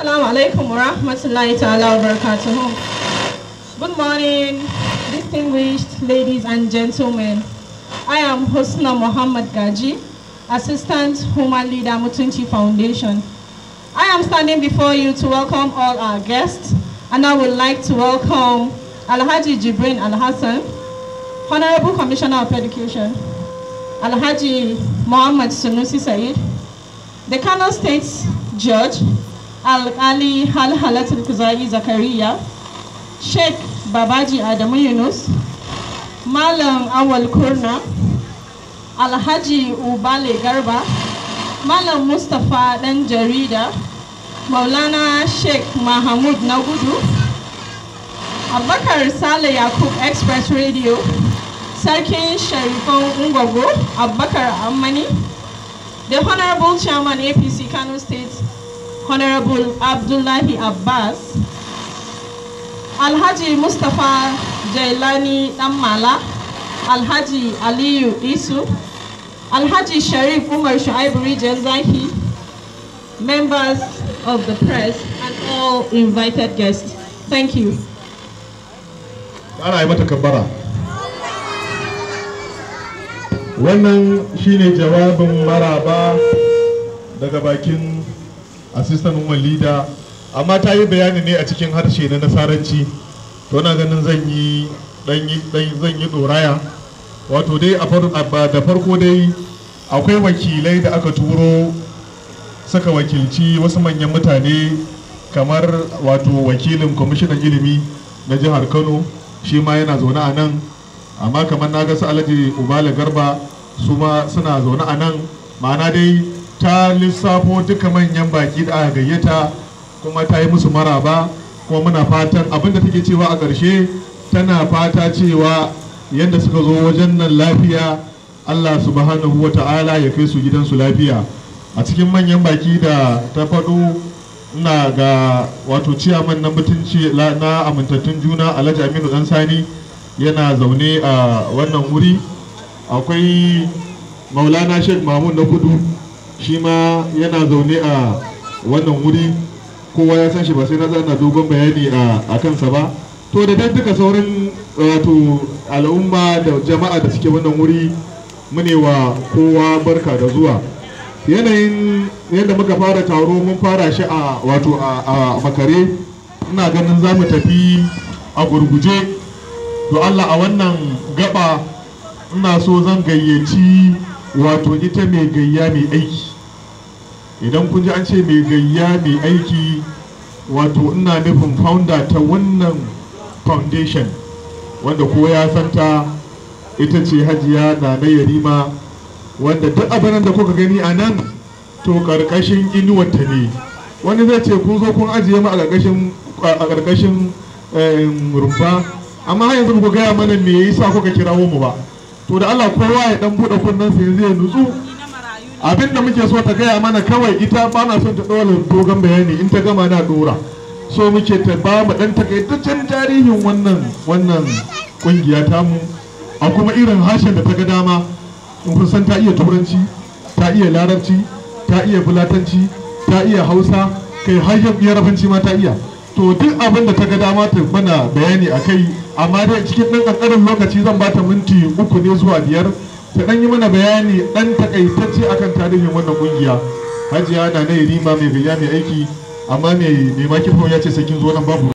Assalamu alaikum wa rahmatullahi ta'ala wa Good morning, distinguished ladies and gentlemen. I am Husna Muhammad Gaji, Assistant Human Leader Mutunchi Foundation. I am standing before you to welcome all our guests, and I would like to welcome Alhaji Jibrin Al-Hassan, Honorable Commissioner of Education, Alhaji Muhammad Sunusi Said, the Kano State Judge, alkali halatul kuzari zakariya sheikh babaji adamu yunus malam awal kurna alhaji ubale garba malam mustapha dan jarida maulana sheikh mahamud na gudu Abakar sale yakub express radio sarkin sharifan ungwago abakar ammani the honorable chairman apc kano state Honorable Abdullahi Abbas, Alhaji Mustafa Jailani Tammala, Alhaji Aliyu Isu, Alhaji Sharif Umar Shuaib Zahi, members of the press, and all invited guests. Thank you. Ana yi mata kabbara. Wannan shine jawabin maraba daga bakin assistant woman leader amma ta yi bayani ne a cikin harshe na nasaranci to na ganin zan yi zan yi doraya wato dai da farko dai akwai wakilai da aka turo saka wakilci wasu manyan mutane kamar wato wakilin kwamishinan ilimi na jihar kano shi ma yana zaune a nan amma kamar na ga su alhaji ubala garba su ma suna zaune a nan ma'ana dai ta lissafo duka manyan baki da aka gayyata kuma ta yi musu maraba kuma muna fatan abinda take cewa a ƙarshe tana fata cewa yadda suka zo wajen nan lafiya Allah subhanahu wa ta'ala ya kai su gidansu lafiya a cikin manyan baki da ta faɗo ina ga wato ciyaman na mutunci na amintattun juna alhaji aminu dan sani yana zaune a wannan wuri akwai maulana sheikh mahmud na kudu shi ma yana zaune a wannan wuri kowa ya san shi ba sai na zana dogon bayani a kansa ba to da dan duka sauran wato al'umma da jama'a da suke wannan wuri mune wa kowa barka da zuwa yanayin yadda muka fara taro mun fara shi a wato a makare ina ganin za mu tafi a gurguje to Allah a wannan gaba ina so zan gayyaci wato ita mai gayya mai aiki idan kun ji an ce mai gayya mai aiki wato ina nufin founder ta wannan foundation wanda ko ya santa ita ce hajiya na na yarima wanda duk abin da kuka gani a nan to karkashin inuwarta ne wani zai ce kun zo kun ajiye mu a karkashin eh, rumfa amma har yanzu ku gaya mana me yasa kuka kirawo mu ba to da Allah kowa ya dan bude kunnen sa yanzu ya nutsu abin da muke so ta gaya mana kawai ita ba na son ta dole dogon bayani in ta gama na dora so muke ta ba mu dan takaitaccen tarihin wannan wannan kungiya ta mu a kuma irin harshen da ta ga dama in kun san ta iya turanci ta iya larabci ta iya fulatanci ta iya hausa kai har yarabanci ma ta iya to duk abin da ta ga dama ta mana bayani a kai amma dai cikin ɗan ƙanƙanin lokaci zan ba ta minti uku ne zuwa biyar ta ɗan yi mana bayani ɗan takaitacce akan tarihin wannan ƙungiya hajiya na na rima mai gayya mai aiki amma mai makifo ya ce sai kin zo nan babu